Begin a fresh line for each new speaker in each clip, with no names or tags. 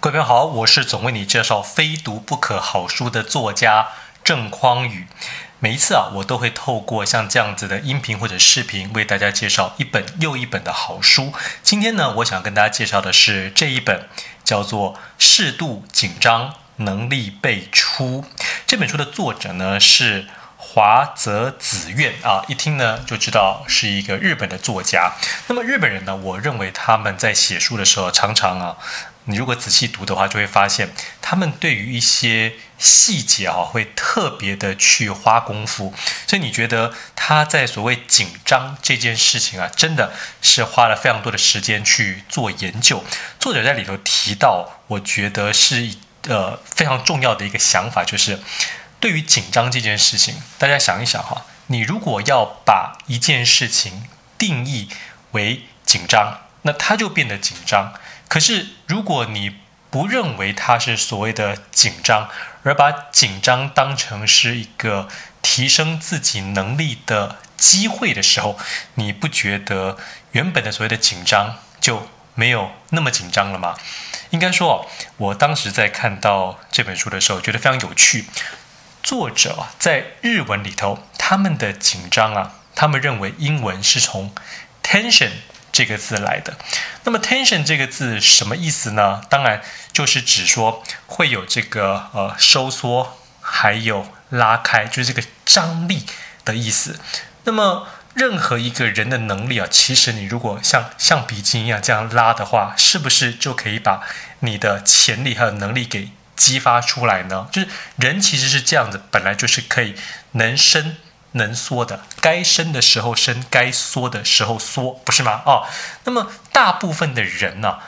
各位朋友好，我是總為你介紹非讀不可好書的作家鄭匡宇。每一次啊，我都會透過像這樣子的音頻或者視頻為大家介紹一本又一本的好書。今天呢，我想跟大家介紹的是這一本，叫做《適度緊張，能力倍出》。這本書的作者呢，是樺澤紫苑啊，一聽呢就知道是一個日本的作家。那麼日本人呢，我認為他們在寫書的時候常常啊。你如果仔細讀的話，就會發現他們對於一些細節啊，會特別的去花功夫。所以你覺得他在所謂緊張這件事情啊，真的是花了非常多的時間去做研究。作者在裡頭提到，我覺得是呃非常重要的一個想法，就是對於緊張這件事情，大家想一想哈，你如果要把一件事情定義為緊張，那它就變得緊張。可是，如果你不認為它是所謂的緊張，而把緊張當成是一個提升自己能力的機會的時候，你不覺得原本的所謂的緊張就沒有那麼緊張了嗎？應該說，我當時在看到這本書的時候，覺得非常有趣。作者啊，在日文裡頭，他們的緊張啊，他們認為英文是從 tension。這個字來的，那麼 tension 這個字什麼意思呢？當然就是指說會有這個呃收縮，還有拉開，就是這個張力的意思。那麼任何一個人的能力啊，其實你如果像橡皮筋一樣這樣拉的話，是不是就可以把你的潛力還有能力給激發出來呢？就是人其實是這樣子，本來就是可以能伸。能縮的，該伸的時候伸，該縮的時候縮，不是嗎？哦，那麼大部分的人呢、啊，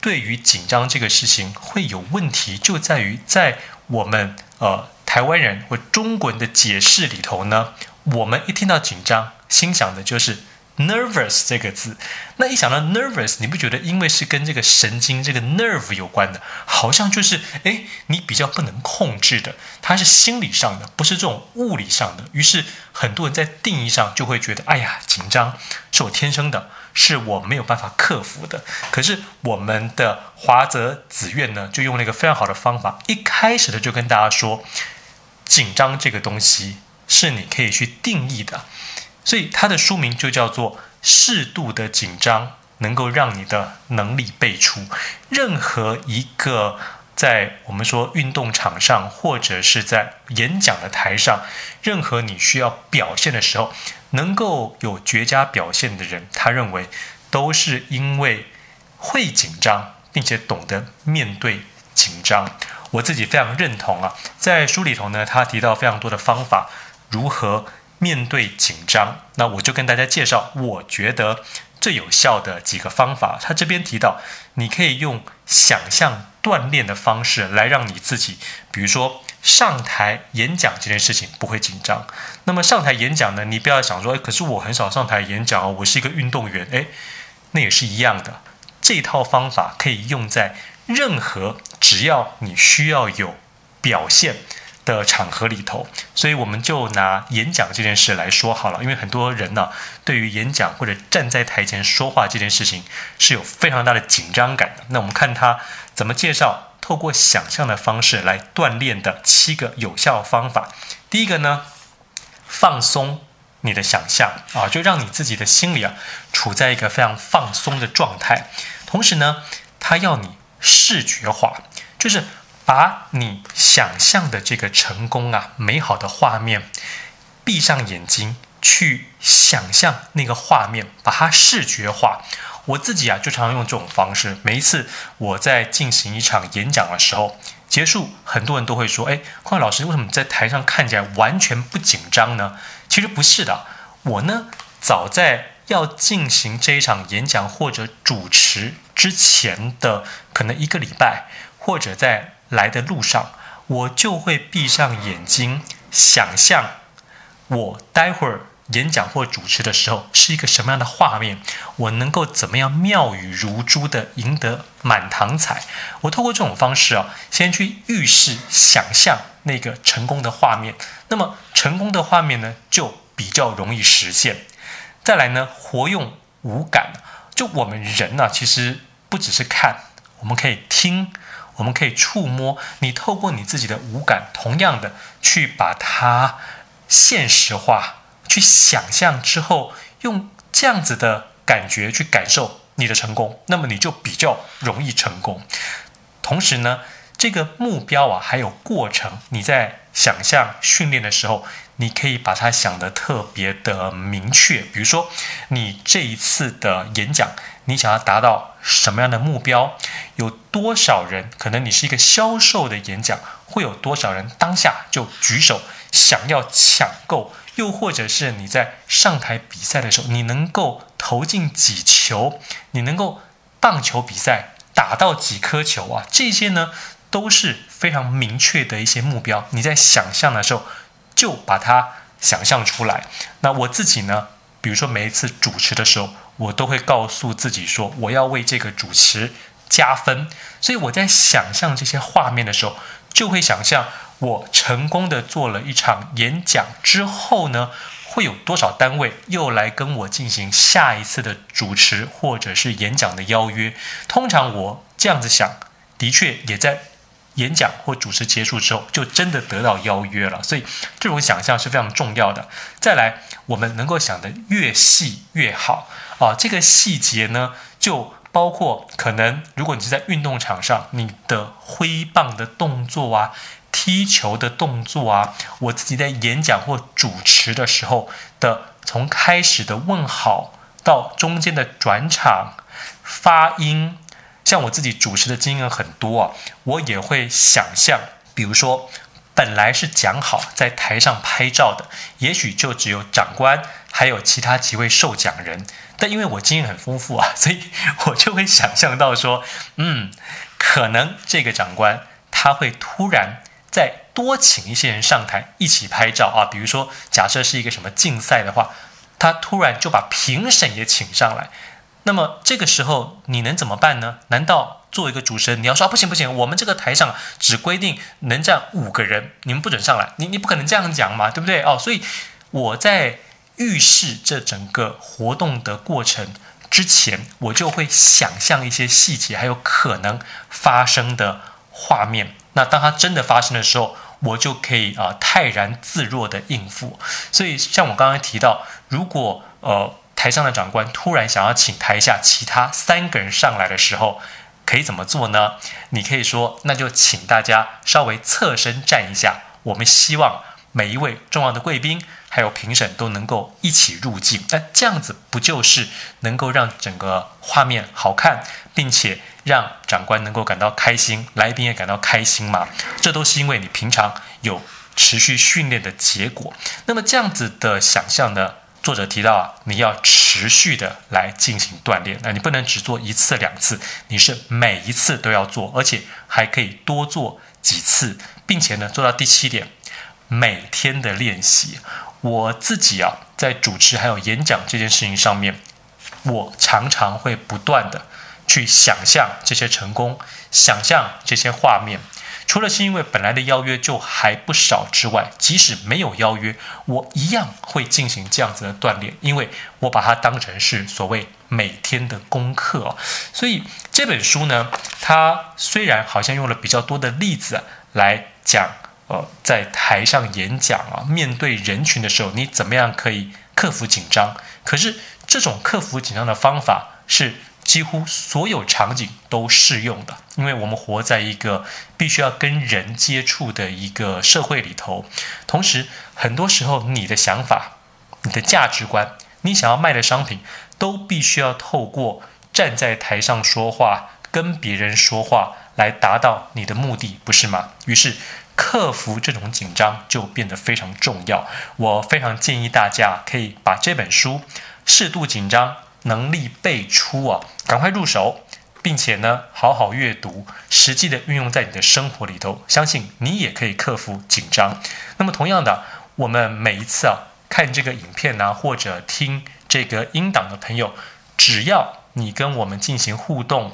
對於緊張這個事情會有問題，就在於在我們呃台灣人或中國人的解釋裡頭呢，我們一聽到緊張，心想的就是。Nervous 這個字，那一想到 nervous，你不覺得因為是跟這個神經這個 nerve 有關的，好像就是哎，你比較不能控制的，它是心理上的，不是這種物理上的。於是很多人在定義上就會覺得，哎呀，緊張是我天生的，是我沒有辦法克服的。可是我們的樺澤紫苑呢，就用了一個非常好的方法，一開始的就跟大家說，緊張這個東西是你可以去定義的。所以他的書名就叫做《適度的緊張》，能夠讓你的能力倍出。任何一個在我們說運動場上，或者是在演講的台上，任何你需要表現的時候，能夠有絕佳表現的人，他認為都是因為會緊張，並且懂得面對緊張。我自己非常認同啊，在書裡頭呢，他提到非常多的方法，如何面對緊張，那我就跟大家介紹我覺得最有效的幾個方法。他這邊提到，你可以用想象鍛鍊的方式來讓你自己，比如說上台演講這件事情不會緊張。那麼上台演講呢，你不要想說，誒，可是我很少上台演講啊、哦，我是一個運動員，誒。那也是一樣的。這套方法可以用在任何，只要你需要有表現。的場合裡頭，所以我們就拿演講這件事來說好了，因為很多人呢，對於演講或者站在台前說話這件事情是有非常大的緊張感的。那我們看他怎麼介紹，透過想象的方式來鍛鍊的七個有效方法。第一個呢，放鬆你的想象啊，就讓你自己的心裡啊處在一個非常放鬆的狀態，同時呢，他要你視覺化，就是。把你想象的這個成功啊，美好的畫面，閉上眼睛去想象那個畫面，把它視覺化。我自己啊，就常用這種方式。每一次我在進行一場演講的時候，結束，很多人都會說：“哎，匡老師，為什麼你在台上看起來完全不緊張呢？”其實不是的，我呢，早在要進行這一場演講或者主持之前的可能一個禮拜，或者在。來的路上，我就會閉上眼睛，想象我待會兒演講或主持的時候是一個什麼樣的畫面。我能夠怎麼樣妙語如珠地贏得滿堂彩？我透過這種方式啊，先去預示、想象那個成功的畫面。那麼成功的畫面呢，就比較容易實現。再來呢，活用五感，就我們人呢、啊，其實不只是看，我們可以聽。我們可以觸摸你，透過你自己的五感，同樣的去把它現實化，去想象之後，用這樣子的感覺去感受你的成功，那麼你就比較容易成功。同時呢，這個目標啊還有過程，你在想象訓練的時候。你可以把它想得特別的明確，比如說，你這一次的演講，你想要達到什麼樣的目標？有多少人？可能你是一個銷售的演講，會有多少人當下就舉手想要搶購？又或者是你在上台比賽的時候，你能夠投進幾球？你能夠棒球比賽打到幾顆球啊？這些呢都是非常明確的一些目標。你在想象的時候。就把它想象出來。那我自己呢？比如說每一次主持的時候，我都會告訴自己說，我要為這個主持加分。所以我在想象這些畫面的時候，就會想象我成功的做了一場演講之後呢，會有多少單位又來跟我進行下一次的主持或者是演講的邀約。通常我這樣子想，的確也在。演講或主持結束之後，就真的得到邀約了。所以，這種想象是非常重要的。再來，我們能夠想得越細越好啊。這個細節呢，就包括可能，如果你是在運動場上，你的揮棒的動作啊，踢球的動作啊。我自己在演講或主持的時候的，從開始的問好到中間的轉場，發音。像我自己主持的經驗很多啊，我也會想象，比如說本來是講好在台上拍照的，也許就只有長官還有其他幾位受獎人，但因為我經驗很豐富啊，所以我就會想象到說，嗯，可能這個長官他會突然再多請一些人上台一起拍照啊，比如說假設是一個什麼競賽的話，他突然就把評審也請上來。那麼這個時候你能怎麼辦呢？難道做一個主持人你要說，啊，不行不行，我們這個台上只規定能站五個人，你們不准上來？你你不可能這樣講嘛，對不對？哦，所以我在預示這整個活動的過程之前，我就會想象一些細節還有可能發生的畫面。那當它真的發生的時候，我就可以啊、呃、泰然自若地應付。所以像我剛剛提到，如果呃。台上的長官突然想要請台下其他三個人上來的時候，可以怎麼做呢？你可以說，那就請大家稍微側身站一下。我們希望每一位重要的貴賓還有評審都能夠一起入鏡。那這樣子不就是能夠讓整個畫面好看，並且讓長官能夠感到開心，來賓也感到開心嗎？這都是因為你平常有持續訓練的結果。那麼這樣子的想象呢？作者提到啊，你要持續的來進行鍛鍊，那你不能只做一次兩次，你是每一次都要做，而且還可以多做幾次，並且呢，做到第七點，每天的練習。我自己啊，在主持還有演講這件事情上面，我常常會不斷的去想象這些成功，想象這些畫面。除了是因為本來的邀約就還不少之外，即使沒有邀約，我一樣會進行這樣子的鍛鍊，因為我把它當成是所謂每天的功課。所以這本書呢，它雖然好像用了比較多的例子來講，呃，在台上演講啊，面對人群的時候，你怎麼樣可以克服緊張？可是這種克服緊張的方法是幾乎所有場景都適用的，因為我們活在一個必須要跟人接觸的一個社會裡頭，同時很多時候你的想法、你的價值觀、你想要賣的商品，都必須要透過站在台上說話、跟別人說話來達到你的目的，不是嗎？於是克服這種緊張就變得非常重要。我非常建議大家可以把這本書《適度緊張》。能力倍出啊，趕快入手，並且呢，好好閱讀，實際的運用在你的生活裡頭，相信你也可以克服緊張。那麼，同樣的，我們每一次啊看這個影片呢、啊，或者聽這個音檔的朋友，只要你跟我們進行互動，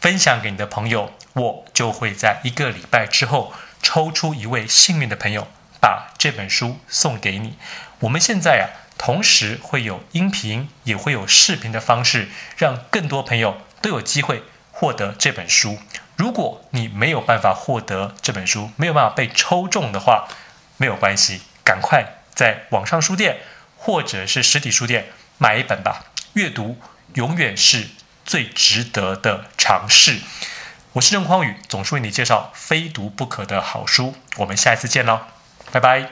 分享給你的朋友，我就會在一個禮拜之後抽出一位幸運的朋友，把這本書送給你。我們現在呀、啊。同時會有音頻，也會有視頻的方式，讓更多朋友都有機會獲得這本書。如果你沒有辦法獲得這本書，沒有辦法被抽中的話，沒有關係，趕快在網上書店或者是實體書店買一本吧。閱讀永遠是最值得的嘗試。我是鄭匡宇，總是為你介紹非讀不可的好書。我們下一次見嘍，拜拜。